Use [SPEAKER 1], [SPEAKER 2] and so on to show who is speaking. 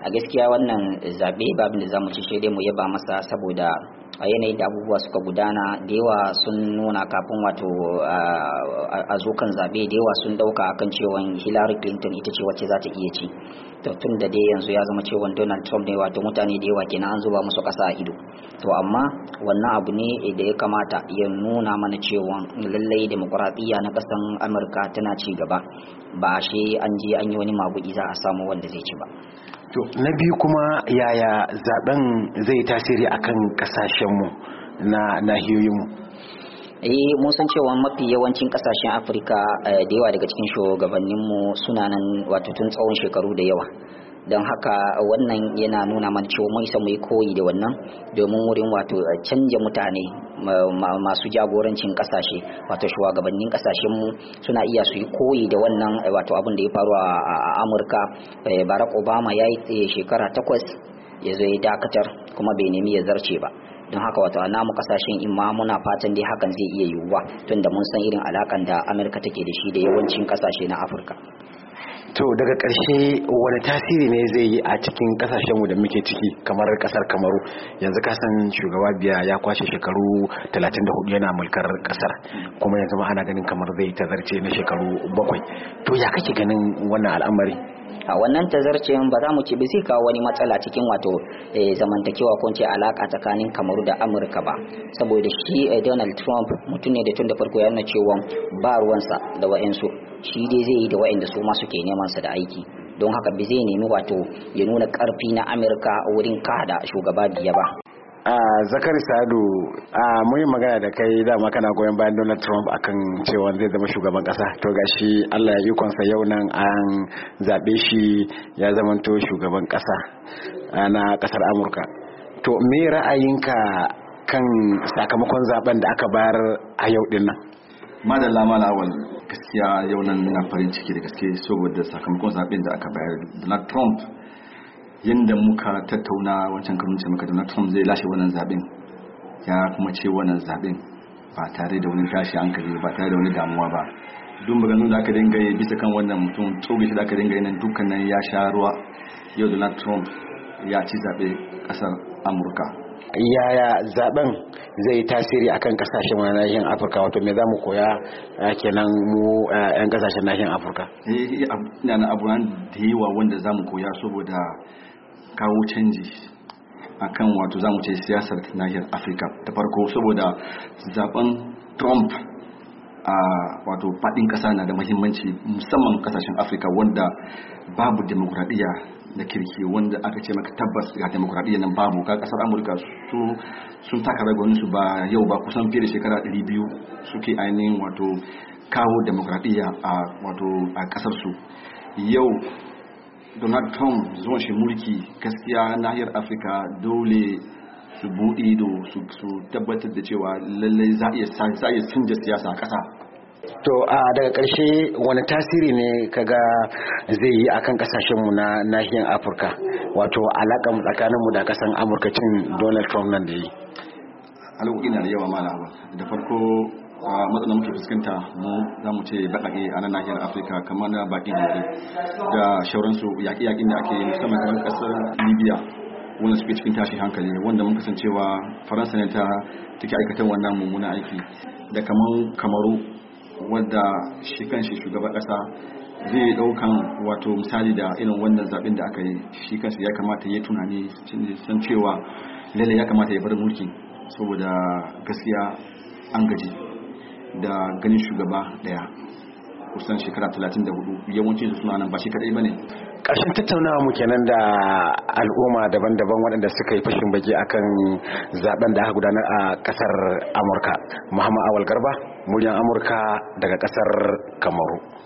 [SPEAKER 1] a gaskiya wannan zaɓe babin da za mu ci shaidai mu yaba masa saboda a yanayin da abubuwa suka gudana da yawa sun nuna kafin wato a zo kan zaɓe da yawa sun ɗauka akan cewa hillary clinton ita ce wacce za ta iya ci to tun da dai yanzu ya zama cewa donald trump ne wato mutane da yawa kenan an zuba musu ƙasa a ido to amma wannan abu ne da ya kamata ya nuna mana cewa lallai demokuraɗiyya na ƙasan
[SPEAKER 2] amurka tana ci gaba ba ashe an je an yi wani maguɗi za a samu wanda zai ci ba to na biyu kuma yaya zaben zai tasiri akan kasashenmu na nahiyoyinmu eh mun san cewa mafi yawancin kasashen afirka
[SPEAKER 1] eh, da yawa daga cikin shugabanninmu suna nan wato tun tsawon shekaru da yawa don haka wannan yana nuna man cewa mai koyi da wannan domin wurin wato canja mutane masu jagorancin kasashe wato shugabannin kasashen mu suna iya su yi koyi da wannan eh, wato abin da ya faru a amurka eh, barack obama ya yi eh, shekara takwas ya zo ya dakatar kuma bai nemi ya zarce ba don haka wato namu kasashen imma muna fatan dai hakan zai iya yiwuwa tunda mun san irin alakan da amurka take da
[SPEAKER 2] shi da yawancin kasashe na afirka to daga karshe wani tasiri ne zai yi a cikin ƙasashenmu da muke ciki kamar ƙasar kamaru yanzu kasan shugaba biya ya kwashe shekaru 34 yana mulkar ƙasar kuma yanzu ma ana ganin kamar zai tazarce na shekaru bakwai to ya kake ganin wannan al'amari a wannan tazarcin ba za mu ce
[SPEAKER 1] ba zai kawo wani matsala cikin wato eh, zamantakewa ko ce alaka tsakanin kamaru da amurka ba saboda shi eh, donald trump mutum ne da tun da farko ya nuna cewa ba ruwansa da wa'insu shi dai zai yi da wa'inda su ma suke neman sa da aiki don haka bi zai nemi wato ya nuna karfi
[SPEAKER 2] na amurka wurin kada shugaba biya ba a zakar sadu a muyi magana da kai dama kana goyon bayan donald trump akan cewa zai zama shugaban kasa to ga shi allah ya ikonsa yau nan an zaɓe shi ya zamanto shugaban kasa na kasar amurka to me ra'ayinka kan sakamakon zaben da aka bayar a yau din nan madalla malawal
[SPEAKER 3] gaskiya yau nan muna farin ciki da gaske saboda sakamakon zaben da aka bayar donald trump yadda muka tattauna wancan kamance maka tattauna trump zai lashe wannan zaben ya kuma ce wannan zaben ba tare da wani tashi hankali ba tare da wani damuwa ba duk maganganun da aka dinga yi bisa kan wannan mutum tsoge shi da aka dinga yi nan dukkanin ya sha ruwa yau donald trump ya ci zaɓe ƙasar amurka
[SPEAKER 2] yaya zaben zai tasiri akan kasashen wani nahiyar afirka wato me za mu koya eh, kenan mu eh, yan kasashen nahiyar afirka
[SPEAKER 3] eh ina na abubuwan da yawa wanda za mu koya saboda kawo canji akan wato za mu ce siyasar nahiyar afirka ta farko saboda zaben trump a wato fadin kasa na da mahimmanci musamman kasashen afirka wanda babu demokuraɗiyya da kirki wanda aka ce maka tabbas ga demokuraɗiyya nan babu ka kasar amurka su sun taka ragon su ba yau ba kusan fiye da shekara 200 suke ainihin wato kawo demokuraɗiyya a wato a kasar yau donald trump zuwan shi mulki gaskiya nahiyar afirka dole su buɗe ido su tabbatar da cewa lallai za a iya canja siyasa a ƙasa
[SPEAKER 2] To a daga ƙarshe wani tasiri ne kaga zai yi akan ƙasashenmu na nahiyar Afirka wato alaƙa tsakaninmu da ƙasan Amurka cin Donald Trump nan da yi. Alaƙoƙi na da yawa malama da farko a matsalar muke fuskanta mu za mu ce baƙaƙe
[SPEAKER 3] a nan nahiyar afirka kamar na baƙin hankali da shauransu yaƙi-yaƙin da ake musamman kamar ƙasar libya wanda suke cikin tashin hankali wanda mun kasancewa faransa ne ta take aikata wannan mummunan aiki da kamar kamaru wadda shi kanshi shugaban ƙasa zai ɗaukan wato misali da irin wannan zaɓen da aka yi shi kansa ya kamata ya tunani san cewa lalle ya kamata ya bar mulki saboda gaskiya an gaji da ganin shugaba daya kusan shekara 34 yawanci su suna nan ba shi kadai bane
[SPEAKER 2] ƙarshen tattaunawa mu kenan da al'umma daban-daban waɗanda suka yi fashin baki akan zaben da aka gudanar a ƙasar Amurka Muhammad Awal Garba muryan Amurka daga ƙasar
[SPEAKER 3] Kamaru